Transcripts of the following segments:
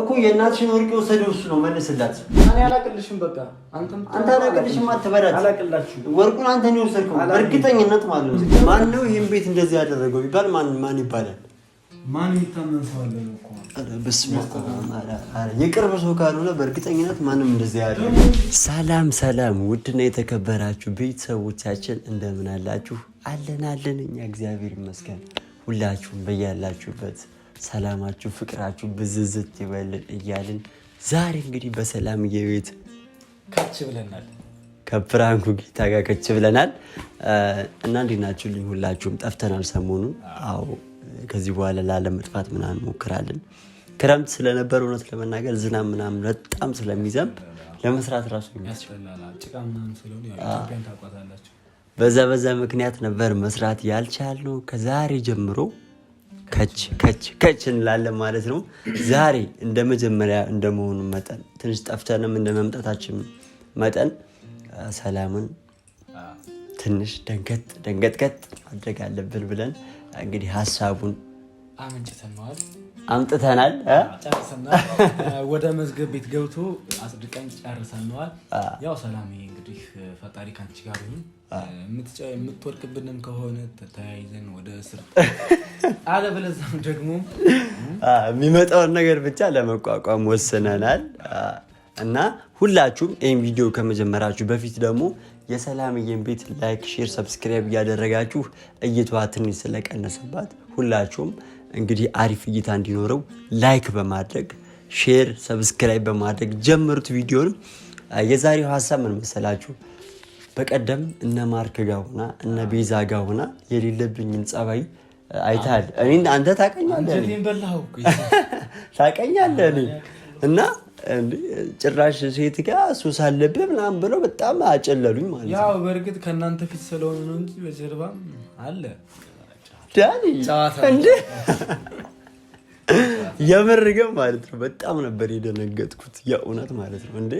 እኮ የእናትሽን ወርቅ የወሰደው እሱ ነው። መልስላት። እኔ አላቅልሽም። በቃ አንተ አላቅልሽም። አትበላት። ወርቁን አንተ ነው የወሰድከው። እርግጠኝነት ማለት ነው። ማን ነው ይህን ቤት እንደዚህ ያደረገው ቢባል ማን ማን ይባላል? ማን የሚታመን ሰው አለ ነው? የቅርብ ሰው ካልሆነ በእርግጠኝነት ማንም እንደዚህ ያለ። ሰላም ሰላም! ውድና የተከበራችሁ ቤተሰቦቻችን እንደምን አላችሁ? አለን አለን፣ እኛ እግዚአብሔር ይመስገን። ሁላችሁም በያላችሁበት ሰላማችሁ፣ ፍቅራችሁ ብዝዝት ይበልን እያልን ዛሬ እንግዲህ በሰላም የቤት ከች ብለናል። ከፕራንኩ ጌታ ጋር ከች ብለናል እና እንዴት ናችሁ? ሁላችሁም ጠፍተናል ሰሞኑን። አዎ ከዚህ በኋላ ላለመጥፋት ምናምን ሞክራለን። ክረምት ስለነበር እውነት ለመናገር ዝናብ ምናምን በጣም ስለሚዘንብ ለመስራት ራሱ በዛ በዛ ምክንያት ነበር መስራት ያልቻልነው ከዛሬ ጀምሮ ከች ከች ከች እንላለን ማለት ነው። ዛሬ እንደ መጀመሪያ እንደመሆኑ መጠን ትንሽ ጠፍተንም እንደ መምጣታችን መጠን ሰላምን ትንሽ ደንገጥ ደንገጥቀጥ ማድረግ አለብን ብለን እንግዲህ ሀሳቡን አምጥተናል። ወደ መዝገብ ቤት ገብቶ አጽድቀን ጨርሰነዋል። ያው ሰላም እንግዲህ ፈጣሪ ከአንቺ ጋር ይሁን። የምትወድቅብንም ከሆነ ተያይዘን ወደ እስር አለበለዚያም ደግሞ የሚመጣውን ነገር ብቻ ለመቋቋም ወስነናል እና ሁላችሁም ይህም ቪዲዮ ከመጀመራችሁ በፊት ደግሞ የሰላምዬን ቤት ላይክ፣ ሼር፣ ሰብስክራይብ እያደረጋችሁ እይታዋ ትንሽ ስለቀነሰባት ሁላችሁም እንግዲህ አሪፍ እይታ እንዲኖረው ላይክ በማድረግ ሼር፣ ሰብስክራይብ በማድረግ ጀምሩት ቪዲዮን። የዛሬው ሀሳብ ምን መሰላችሁ? በቀደም እነ ማርክ ጋር ሆና እነ ቤዛ ጋር ሆና የሌለብኝን ጸባይ አይተሃል። እኔ አንተ ታቀኛለህ ታቀኛለህ እና ጭራሽ ሴት ጋር ሱስ አለብህ ምናምን ብለው በጣም አጨለሉኝ ማለት ነው። ያው በእርግጥ ከእናንተ ፊት ስለሆነ ነው እንጂ በጀርባም አለ ዳኒ የምር ግን ማለት ነው በጣም ነበር የደነገጥኩት። የእውነት ማለት ነው እንዴ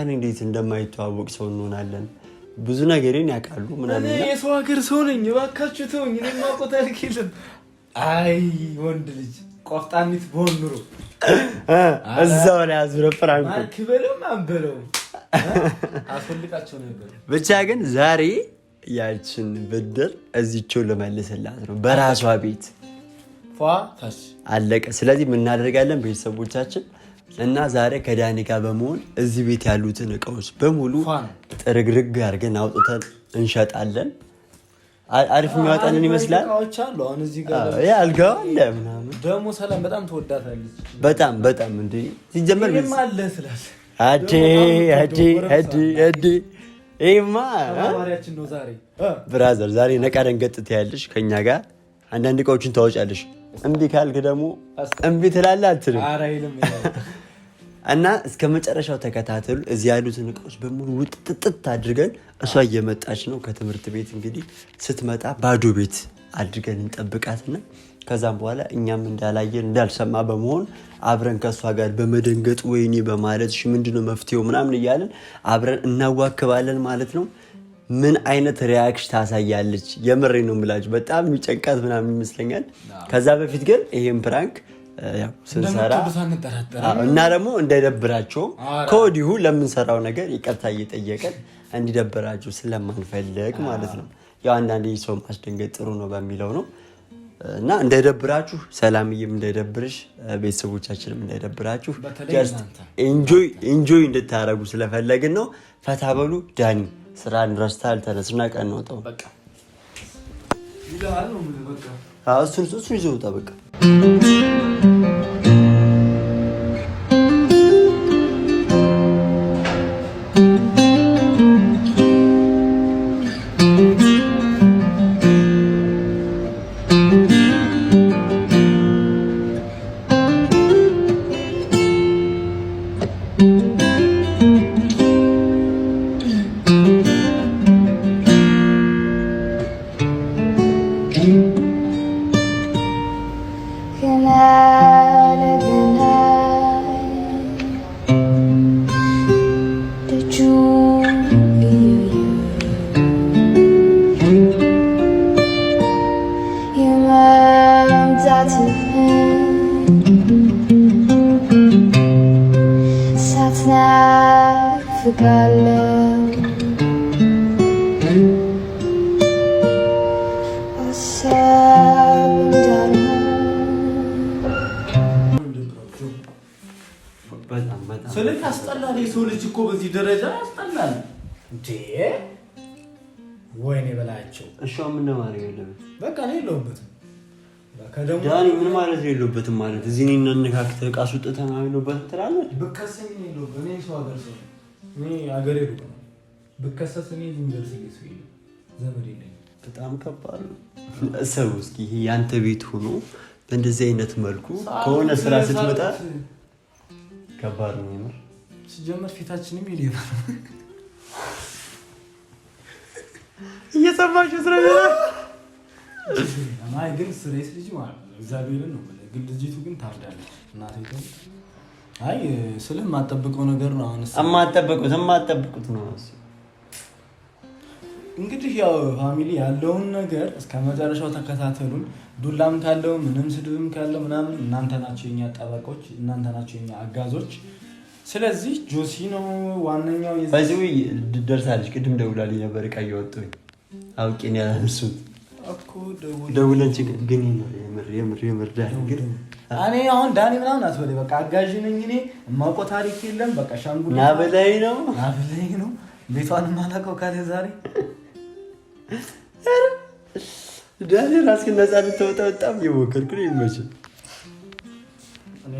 እኔ እንዴት እንደማይተዋወቅ ሰው እንሆናለን። ብዙ ነገሬን ያውቃሉ ምናምን። የሰው ሀገር ሰው ነኝ፣ እባካችሁ ተውኝ። እኔ ማቆት አልክልም። አይ ወንድ ልጅ ቆፍጣሚት በሆን ኑሮ እዛው ላይ አዙረ ፍራንኩ ክበለም አንበለው አስፈልቃቸው ነበር። ብቻ ግን ዛሬ ያችን ብድር እዚቸው ልመልስላት ነው በራሷ ቤት አለቀ። ስለዚህ ምናደርጋለን ቤተሰቦቻችን እና ዛሬ ከዳኒ ጋር በመሆን እዚህ ቤት ያሉትን እቃዎች በሙሉ ጥርግርግ አድርገን አውጥተን እንሸጣለን። አሪፍ የሚያወጣንን ይመስላል። አልጋ አለ ምናምን ደግሞ ሰላም በጣም ትወዳታለች። በጣም በጣም እንደ ሲጀመር ብራዘር ዛሬ ነቃ ደንገጥ ትያለሽ ከኛ ጋር አንዳንድ እቃዎችን ታወጫለሽ። እምቢ ካልክ ደግሞ እምቢ ትላለህ አትልም። እና እስከ መጨረሻው ተከታተሉ። እዚህ ያሉትን እቃዎች በሙሉ ውጥጥጥ አድርገን እሷ እየመጣች ነው ከትምህርት ቤት እንግዲህ ስትመጣ ባዶ ቤት አድርገን እንጠብቃትና ከዛም በኋላ እኛም እንዳላየን እንዳልሰማ በመሆን አብረን ከእሷ ጋር በመደንገጥ ወይኔ በማለት ምንድነው መፍትሄው ምናምን እያለን አብረን እናዋክባለን ማለት ነው። ምን አይነት ሪያክሽ ታሳያለች? የምሬ ነው የምላችሁ በጣም የሚጨንቃት ምናምን ይመስለኛል። ከዛ በፊት ግን ይሄን ፕራንክ ስንሰራ እና ደግሞ እንዳይደብራቸው ከወዲሁ ለምንሰራው ነገር ይቅርታ እየጠየቀን እንዲደብራቸው ስለማንፈልግ ማለት ነው። ያው አንዳንድ ሰው ማስደንገጥ ጥሩ ነው በሚለው ነው እና እንዳይደብራችሁ፣ ሰላምዬም እንዳይደብርሽ፣ ቤተሰቦቻችንም እንዳይደብራችሁ ኢንጆይ እንድታደረጉ ስለፈለግን ነው። ፈታ በሉ ዳኒ ስራ አንድረስታል ተነስና ቀን ወጣው እሱን እሱን ይዞ ወጣ። በቃ የሰው ልጅ እኮ በዚህ ደረጃ ያስጠላል እንዴ! ወይኔ በላቸው። እሷ ምን ማድረግ የለበት በቃ ነው የለሁበትም። ዳኒ ምን ማለት የለበትም ማለት እዚህ እኔ እናነካክተህ ዕቃ ስውጥተህ ነው የለሁበትም ትላለች። ብከሰኝ እኔ የለሁበትም። እኔ ሰው ሀገር ሰው እኔ ሀገር ነው። ብከሰስ እኔ ዝንደርስ ሰው የለ ዘመድ የለኝም። በጣም ከባድ ነው። ሰው እስኪ ይሄ ያንተ ቤት ሆኖ በእንደዚህ አይነት መልኩ ከሆነ ስራ ስትመጣ ከባድ ነው የምር ሲጀመር ፊታችንም ይሌባል። እየሰማሽ ስረ ግን ስሬስ ልጅ እግዚአብሔርን ነው ግን ልጅቱ ግን ታርዳለች። እናቴ አይ ስለ የማጠብቀው ነገር ነው። አሁን የማጠብቁት የማጠብቁት ነው። እንግዲህ ያው ፋሚሊ ያለውን ነገር እስከ መጨረሻው ተከታተሉን። ዱላም ካለው ምንም ስድብም ካለው ምናምን እናንተ ናቸው የኛ ጠበቆች፣ እናንተ ናቸው የኛ አጋዞች። ስለዚህ ጆሲ ነው ዋነኛው። በዚህ ደርሳለች። ቅድም ደውላልኝ ነበር እቃ እያወጡኝ አውቄን ነው ያላነሱት ደውለን ግን እኔ አሁን ዳኒ ምናምን አትበል። በቃ አጋዥ ነኝ እኔ የማውቀው ታሪክ የለም። በቃ ሻንጉ ናበላይ ነው ናበላይ ነው ቤቷን ማላውቀው ካለ ዛሬ ዳኒ ራስህን ነፃ ልትወጣ በጣም እየሞከርኩ ነው። ይመችህ።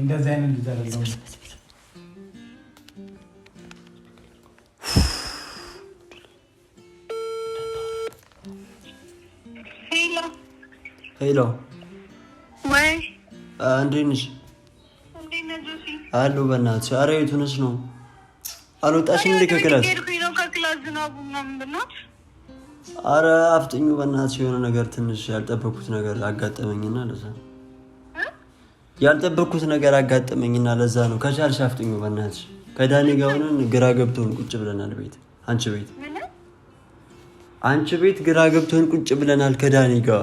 እንደዚህ አይነት ልጅ አይደለሁም ሄሎ ወይ እንዴት ነሽ? አለሁ በእናትሽ። ኧረ የቱ ነሽ ነው አልወጣሽም እንዴ ከክላስ? አረ አፍጥኙ በእናትሽ። የሆነ ነገር ትንሽ ያልጠበኩት ነገር አጋጠመኝና ለዛ ያልጠበኩት ነገር አጋጠመኝና ለዛ ነው። ከቻልሽ አፍጥኙ በእናትሽ። ከዳኒ ጋር ሆነን ግራ ገብቶን ቁጭ ብለናል ቤት አንቺ ቤት አንቺ ቤት ግራ ገብቶን ቁጭ ብለናል ከዳኒ ጋር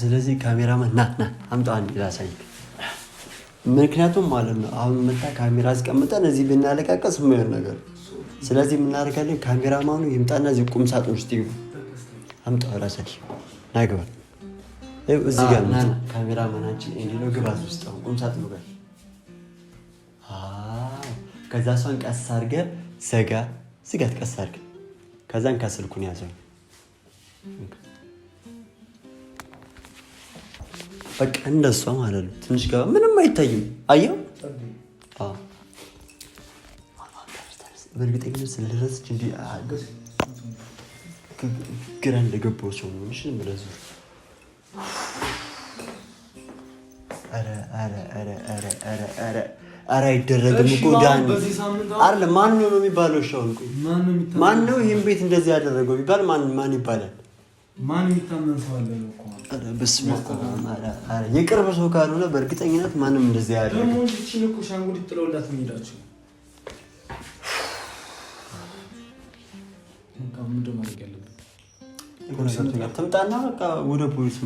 ስለዚህ ካሜራማን ና ና አምጣዋን ላሳይ። ምክንያቱም ማለት ነው አሁን መታ ካሜራ አስቀምጠን እዚህ ብናለቃቀስ የማይሆን ነገር። ስለዚህ የምናደርጋለን ካሜራማኑ ይምጣና እዚህ ቁም ሳጥን ውስጥ ይግቡ። አምጣ ላሳይ። ና ግባ። እዚህ ጋር ካሜራማናችን እንዲለው ግባት ውስጥ ቁም ሳጥኑ ጋር። ከዛ እሷን ቀስ አድርገህ ዘጋ፣ ዝጋት። ቀስ አድርገህ ከዛን ከስልኩን ያዘው በቃ እንደሷ ማለት ነው። ትንሽ ገባ ምንም አይታይም። አየው በእርግጠኝነት ስለደረስ እንዲ ግራ እንደገባው ሰው ሆንሽ ምለዙ ኧረ አይደረግም እኮ ዳኒ አይደለም። ማን ነው የሚባለው? ሻውን ማን ነው ይህን ቤት እንደዚህ ያደረገው ቢባል ማን ይባላል? ማን ሰው የቅርብ ሰው ካልሆነ በእርግጠኝነት ማንም እንደዚህ ያለ ደግሞ እችን እኮ ሻንጉሊት ጥለውላት የሚሄዳቸው ትምጣና በቃ ወደ ፖሊስ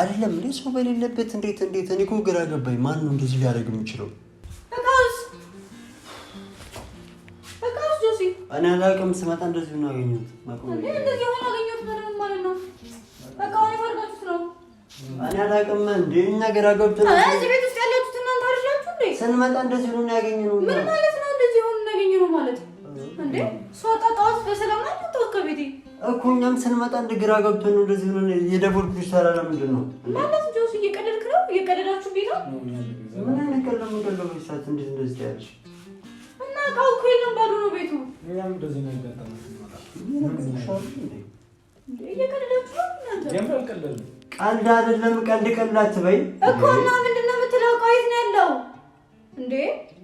አይደለም እንዴ? ሰው በሌለበት እንዴት እንዴት? እኔ እኮ ግራ ገባኝ። ማን ነው እንደዚህ ሊያደርግ የሚችለው? እኔ አላውቅም። ስመጣ እንደዚህ ነው ያገኘሁት። እንደዚህ ሆኖ ያገኘሁት ማለት ነው። በቃ አሁን የፈርጋችሁት ነው። እኔ አላውቅም። እንደ እኛ ግራ ገብቶን ነው። እዚህ ቤት ውስጥ ያላችሁት እናንተ አይደላችሁ እንዴ? ስንመጣ እንደዚህ ሆኖ ያገኘነው ምን ማለት ነው? እንደዚህ ሆኖ ያገኘነው ማለት እንዴ? ስወጣ ጠዋት በሰላም ነው የምትወጣው ከቤቴ እኮ። እኛም ስንመጣ እንደ ግራ ገብቶን ነው። እንደዚህ ሆኖ የደቦርኩ ታዲያ ለምንድን ነው ማለት ነው? እየቀደድክ ነው? እየቀደዳችሁ ቤት ምን አይነት ቀለም ቀለም ይሳት እንዴት እንደዚህ ያለሽ እቃው እኮ የለም ባዶ ነው ቤቱ። እኛም እንደዚህ ነው ያጋጠመን። እየቀለዳችሁ ነው ቀልድ አይደለም። ቀልድ ቀልድ አትበይ እኮ እና ምንድን ነው የምትለው? እቃው የት ነው ያለው እንዴ?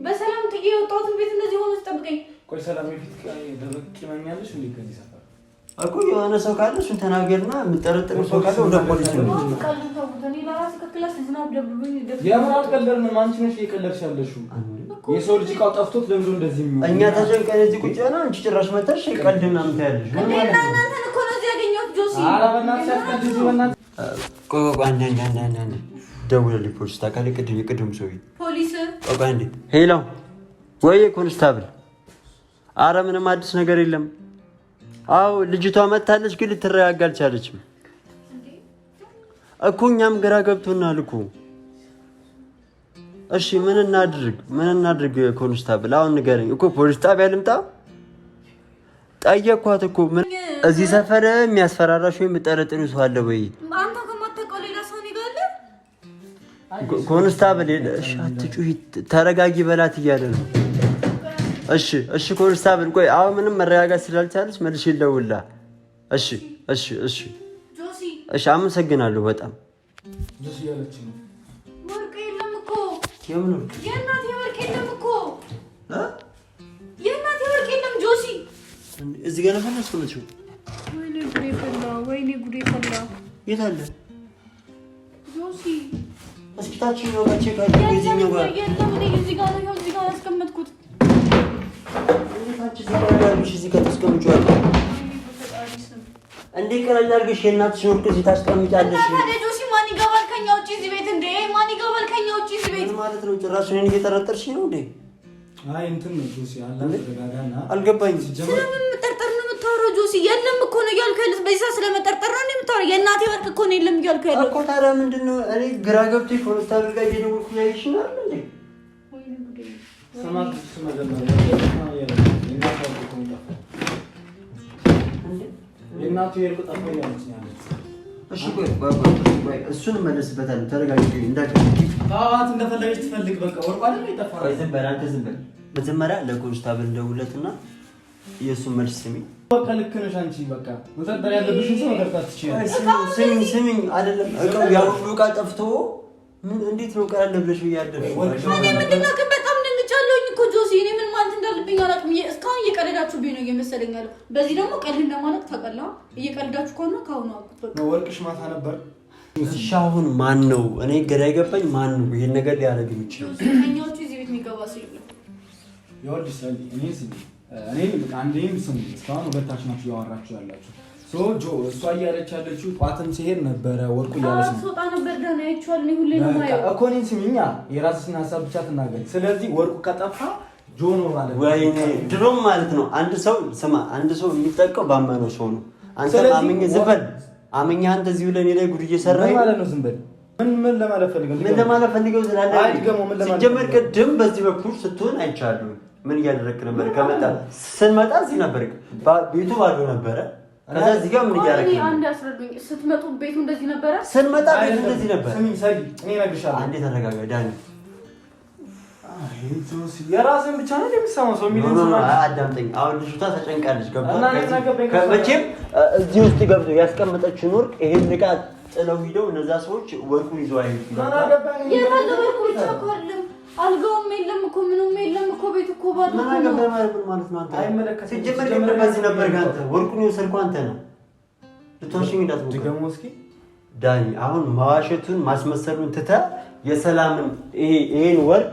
በሰላም ጥዬ የወጣሁትን ቤት እንደዚህ ሆኖ ስጠብቀኝ። ቆይ ሰላም የፊት ደረቅ ቂመኛለሽ እንዴ? ከዚህ ሰፈር እኮ የሆነ ሰው ካለ እሱን ተናገርና የምጠረጥር ሰው ካለ ወደ ፖሊስ ነው። የምን አልቀለድንም። አንቺ ነሽ እየቀለድሽ ያለሽው የሰው ልጅ እቃው ጠፍቶት ለምዶ እንደዚህ የሚሆን እኛ ተጨንቀን እዚህ ቁጭ ብለን አንቺ ጭራሽ መተሽ ቀልድ ምናምን ታያለሽ። ደውለልኝ ፖሊስ ታውቃለህ? ቅድም የቅድም ሰውዬ ፖሊስ ሄሎ፣ ወይዬ ኮንስታብል፣ አረ ምንም አዲስ ነገር የለም። አዎ ልጅቷ መታለች፣ ግን ልትረጋጋ አልቻለችም እኮ እኛም ግራ ገብቶናል እኮ እሺ ምን እናድርግ? ምን እናድርግ? ኮንስታብል አሁን ንገረኝ እኮ ፖሊስ ጣቢያ ልምጣ? ጠየኳት እኮ ምን እዚህ ሰፈር የሚያስፈራራሽ ወይም የምጠረጥሪው ሰው አለ ወይ? ኮንስታብል እሺ፣ አትጩሂ፣ ተረጋጊ በላት እያለ ነው። እሺ፣ እሺ ኮንስታብል፣ ቆይ አሁን ምንም መረጋጋት ስላልቻለች መልሼ ልደውልላ። እሺ፣ እሺ፣ እሺ፣ እሺ፣ አመሰግናለሁ በጣም የምኑ የእናቴ ወርቅ የለም እኮ የእናቴ ወርቅ የለም። ጆሲ እዚህ ጋር ነበር ያስቀመጥሽው። ወይኔ ጉዴ ፈላ፣ ወይኔ ጉዴ ፈላ። የት አለ ጆሲ? እስኪ ታች ጋር ቼክ አድርጊ። እዚህኛው ጋር የለም። እኔ እዚህ ጋር ነው እዚህ ጋር ያስቀመጥኩት። እዚህ ጋር ያልኩሽ እንዴት ቀለል አድርገሽ የእናትሽን ወርቅ እዚህ ታስቀምጫለሽ? ጆሲ ማን ይገባል? ከኛ ውጭ እዚህ ቤት እንዴ? ማን ይገባል ከኛ ውጭ እዚህ ቤት ማለት ነው? ጭራሽ እኔን እየጠረጠርሽ ነው እንዴ? አይ እንትን ነው ጆሲ፣ አልገባኝ። ስለምን መጠርጠር ነው የምታወራው ጆሲ? የለም እኮ ነው እያልኩ ያለሁት። በዚህ ሰዓት ስለመጠርጠር ነው የምታወራው? የእናቴ ወርቅ እኮ ነው የለም እያልኩ ያለሁት እኮ። ታዲያ ምንድን ነው? እኔ ግራ ገብቶኝ ኮንስታብል ጋር እየደወልኩ ያይሽ ነው እንዴ? የእናቱ የርቁ ጠፋ ያለች ያለች እሺ እሱን መለስበታል ተረጋጊ። እንዳትጣዋት እንደፈለገች ትፈልግ። በቃ ወርቁ አይደል የጠፋው። ዝም በል አንተ ዝም በል። መጀመሪያ ለኮንስታብል ደውለትና የእሱን መልስ ስሚ። በቃ ልክ ነሽ አንቺ። በቃ መጠርጠር ያለብሽን ሰው መጠርጠር ትችያለሽ። ስሚኝ ስሚኝ፣ አይደለም ያ ሁሉ እቃ ጠፍቶ እንዴት ነው ቀለል ብለሽ ብያለሽ እየቀለዳችሁብኝ አላውቅም። እስካሁን እየቀለዳችሁብኝ ነው እየመሰለኝ ያለው። በዚህ ደግሞ ቀልድ ለማለት ተቀላ እየቀለዳችሁ ከሆነ ከአሁኑ አውቁት። ወርቅሽ ማታ ነበር እሺ። አሁን ማን ነው እኔ ገዳ የገባኝ ማን ነው ይሄን ነገር ሊያደርግ የሚችለው? ኛዎቹ እዚህ ቤት የሚገባ ሰው የለም። ይኸውልሽ እኔ ስ እኔ አንዴም ስሙ፣ እስካሁን ሁለታችሁ ናችሁ እያወራችሁ ያላችሁ ጆ እሷ እያለች ያለችው ጠዋትም ሲሄድ ነበረ ወርቁ እያለች ነው እኮ እኔን ስሚኛ፣ የራስሽን ሀሳብ ብቻ ትናገሪ። ስለዚህ ወርቁ ከጠፋ ጆኖ ማለት ድሮም ማለት ነው። አንድ ሰው ስማ፣ አንድ ሰው የሚጠቀው ባመነው ሰው ነው። አንተ አምኜ ዝም በል አምኜ አንተ እዚሁ ለእኔ ላይ ጉድ እየሰራኝ ማለት ነው። ዝም በል ምን ምን ለማለት ፈልገው ምን ለማለት ፈልገው ስላለ ሲጀመር ቅድም በዚህ በኩል ስትሆን አይቻሉ ምን እያደረክ ነበር? ከመጣ ስንመጣ እዚህ ነበር፣ ቤቱ ባዶ ነበረ። ከዛ እዚህ ጋር ምን እያደረክ ነበር? አንድ አስረዱኝ። ስትመጡ ቤቱ እንደዚህ ነበረ፣ ስንመጣ ቤቱ እንደዚህ ነበር። ስሚ ሰሪ፣ እኔ ነግርሻለሁ። አንዴ ተረጋጋ ዳኒ የራስን ብቻ ነው የሚሰማው። ሰው አዳምጠኝ። አሁን ልጅቷ ተጨንቃለች። እዚህ ውስጥ ገብቶ ያስቀመጠችውን ወርቅ ይሄን እቃ ጥለው ሂደው እነዛ ሰዎች ወርቁን ይዘው አይሄዱም። አልጋውም የለም እኮ ምንም የለም እኮ ቤት እኮ ማለት ነው። አንተ ሲጀመር ጀምር በዚህ ነበር አንተ ወርቁን የወሰድኩ አንተ ነው። ልትዋሽኝ እንዳትሞክር እስኪ ዳኒ። አሁን መዋሸቱን ማስመሰሉን ትተህ የሰላምን ይሄን ወርቅ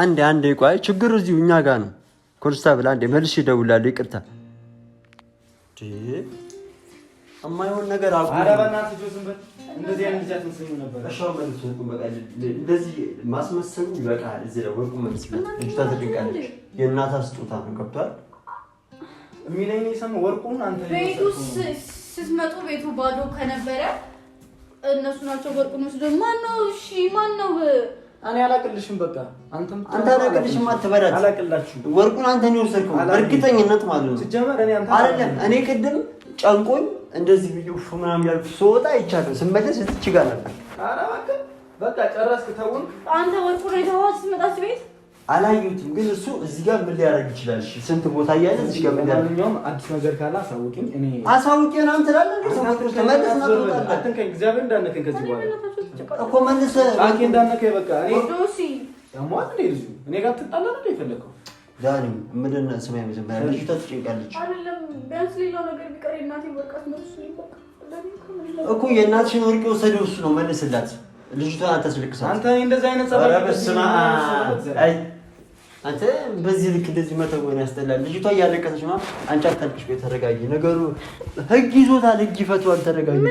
አንድ አንድ ቆይ፣ ችግር እዚሁ እኛ ጋር ነው። ኮንስታብል አንዴ መልሼ እደውላለሁ። ይቅርታ የማይሆን ነገር አቁም። ኧረ በእናትህ ጆዝበት እንደዚህ አይነት ልጅ አትመስለኝም ነበር። እሺ መልሱ። ቁም በቃ እንደዚህ ማስመሰሉ ይበቃል። እዚህ ላይ ወርቁ መስለ ልጅቷ ትድንቃለች። የእናቷ ስጦታ ነው። ገብቷል የሚለኝ የሰማው ወርቁን አንተ ቤቱ ስትመጡ ቤቱ ባዶ ከነበረ እነሱ ናቸው ወርቁን ወስደው። ነው? እሺ ማን ነው? እኔ አላቅልሽም። በቃ አንተም አንተ አላቅልሽም። አትበላት። አላቅላችሁ ወርቁን አንተ ነው የወሰድከው። እርግጠኝነት ማለት ነው። ሲጀመር እኔ አንተ አይደለም እኔ ቅድም ጨንቆኝ እንደዚህ ብዬ ሹ ምናምን ያልኩት ስወጣ አይቻልም። ስመለስ እዚች ጋር ነበር። ኧረ እባክህ በቃ ጨረስክ። ተውን አንተ ወርቁ ነው የተዋት ስመጣች ቤት አላየሁትም። ግን እሱ እዚህ ጋር ምን ሊያደርግ ይችላል? ስንት ቦታ እያለ እዚህ ጋር ምን ያደርግ ይችላል? አዲስ ነገር ካለ አሳውቂኝ። እኔ አሳውቂኝ ምናምን ትላለህ እንዴ? ሰውት ተመለስ እና ትወጣለህ። አትንከኝ፣ እግዚአብሔር እንዳነከኝ ከዚህ በኋላ እኮ መልሰህ ጫንኬ እንዳነከኝ በቃ እኔ ደሞ አትንዴ ልጅ እኔ ጋር ትጣላለህ እንዴ የፈለከው ዳኒ ምንድን ስማ፣ የመጀመሪያ ልጅቷ ትጨንቃለች እኮ የእናትሽን ወርቅ የወሰደው እሱ ነው። መልስላት። ልጅቷን አታስልቅሳት። አንተ እንደዚህ በዚህ ልክ እንደዚህ መተጎን ያስጠላል። ልጅቷ እያለቀሰች ነው። አንቺ አታልቅሽ። ተረጋጊ። ነገሩ ህግ ይዞታል። ህግ ይፈቷል። ተረጋጊ።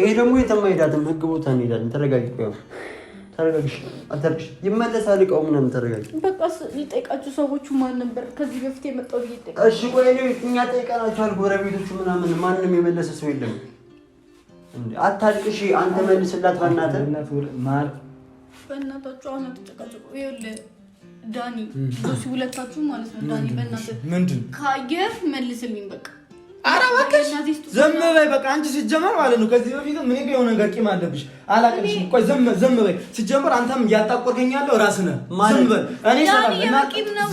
ይሄ ደግሞ የተማይዳትም ህግ ቦታ እንሄዳለን። ተረጋጊ። ተረጋግሽ አተርሽ ይመለሳል። እቃው ምናምን ተረጋግሽ። በቃ ሊጠይቃችሁ ሰዎቹ ማን ነበር ከዚህ በፊት የመጣው? እሺ ቆይ እኛ ጠይቀናቸዋል፣ ጎረቤቶቹ ምናምን፣ ማንም የመለሰ ሰው የለም። አታልቅሽ፣ አንተ መልስላት። በእናትህ ማር፣ በእናታችሁ አሁን አትጨቃጨቁ። ይኸውልህ ዳኒ፣ ሁለታችሁ ማለት ነው። ዳኒ በእናትህ ምንድን ካየህ መልስልኝ በቃ ኧረ እባክሽ ዝም በይ በቃ። አንቺ ሲጀመር ማለት ነው ከዚህ በፊት ምን የሆነ ነገር ቂም አለብሽ አላቅሽ። ቆይ ዝም ዝም በይ። ሲጀመር አንተም እያጣቆርከኝ ያለው ራስህ ነህ። ዝም በል እኔ ሰላምና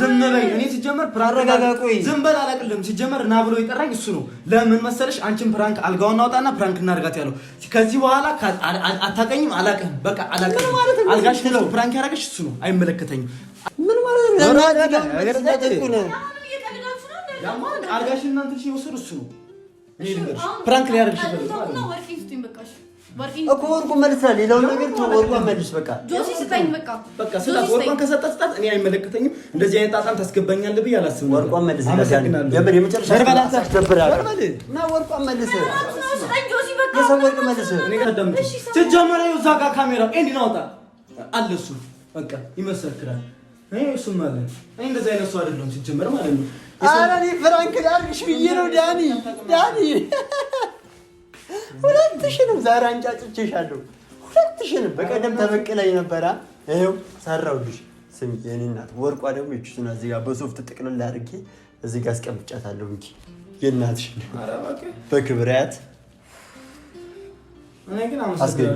ዝም በይ። እኔ ሲጀመር ፕራረጋጋ። ቆይ ዝም በል አላቅልም። ሲጀመር ና ብሎ የጠራኝ እሱ ነው። ለምን መሰለሽ? አንቺን ፕራንክ አልጋውን አውጣና ፕራንክ እናድርጋት ያለው። ከዚህ በኋላ አታቀኝም፣ አላቅህም። በቃ አላቅህም። አልጋሽ ፕራንክ ያደረገሽ እሱ ነው። አይመለከተኝም። ምን ማለት ነው? አልጋሽን እናንተሽ የወሰዱ እሱ ነው። ፕራንክ ሊያደርግሽ እኮ ወርቁን መልሳ፣ ሌላው ነገር ወርቁን መልስ። በቃ ስጣት። ወርቋን ከሰጣት ስጣት። እኔ አይመለከተኝም። እንደዚህ አይነት ጣጣም ታስገባኛል ብዬ አላስብም። ወርቋን መልስ። የምር የመጨረሻ ወርቅ መልስ። ስትጀምረው እዛ ጋር ካሜራው ኤንድ ናውጣ አለ እሱ በቃ ይመሰክራል። እሱም አለ እንደዚህ አይነት ሰው አይደለም ሲጀመር ማለት ነው ኧረ እኔ ፍራንክ ላድርግሽ ብዬ ነው። ዳኒ ዳኒ ሁለት ሺንም ዛሬ አንጫጭቼሻለሁ። ሁለት ሺንም በቀደም ተበቅለኝ ነበረ። ይኸው ሰራሁልሽ። ስሚ የኔ እናት ወርቋ ደግሞ ይችሱን እዚህ ጋር በሶፍት ጥቅልል አድርጌ እዚህ ጋር አስቀምጫታለሁ እንጂ የእናትሽን በክብሪያት አስገኙ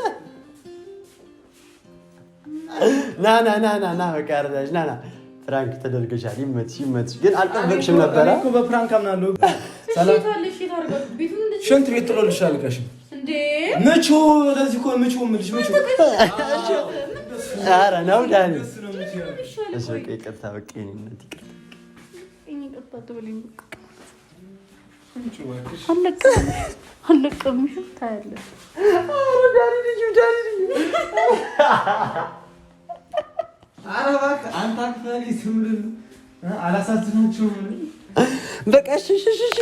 ና ና ና ና ና በቃ ና ና ፍራንክ ተደርገሻል። ይመችሽ ይመችሽ። ግን አልጠበቅሽም ነበረ እኮ በፍራንክ አምናለሁ። ሽንት ቤት ጥሎልሻል አልቀሽም እንዴ? ምቹ ወደዚህ እኮ ምቹ ምልሽ ምቹ። ኧረ ነው ዳኒ። እሺ በቃ ይቅርታ፣ በቃ የእኔ ይቅርታ። አለቀም ሽንት ዳኒ ልዩ ዳኒ ልዩ በቃ እሺ፣ እሺ፣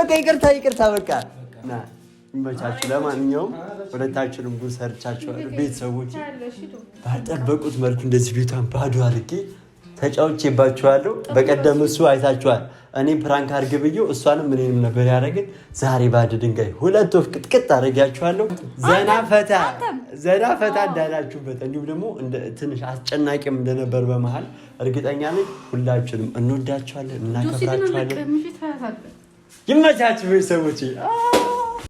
በቃ ይቅርታ፣ ይቅርታ። በቃ ይመቻችሁ። ለማንኛውም ሁለታችንም ጉድ ሰርቻችኋል። ቤተሰቦች ባልጠበቁት መልኩ እንደዚህ ቤቷን ባዶ አድርጌ ተጫውቼባችኋለሁ። በቀደም እሱ አይታችኋል። እኔ ፕራንክ አድርግ ብዬው እሷንም እኔንም ነበር ያደረግን። ዛሬ ባድ ድንጋይ ሁለት ወፍ ቅጥቅጥ አደርጋችኋለሁ። ዘና ፈታ ዘና ፈታ እንዳላችሁበት፣ እንዲሁም ደግሞ ትንሽ አስጨናቂም እንደነበር በመሀል እርግጠኛ ነኝ። ሁላችንም እንወዳችኋለን፣ እናከብራችኋለን። ይመቻችሁ ቤተሰቦቼ።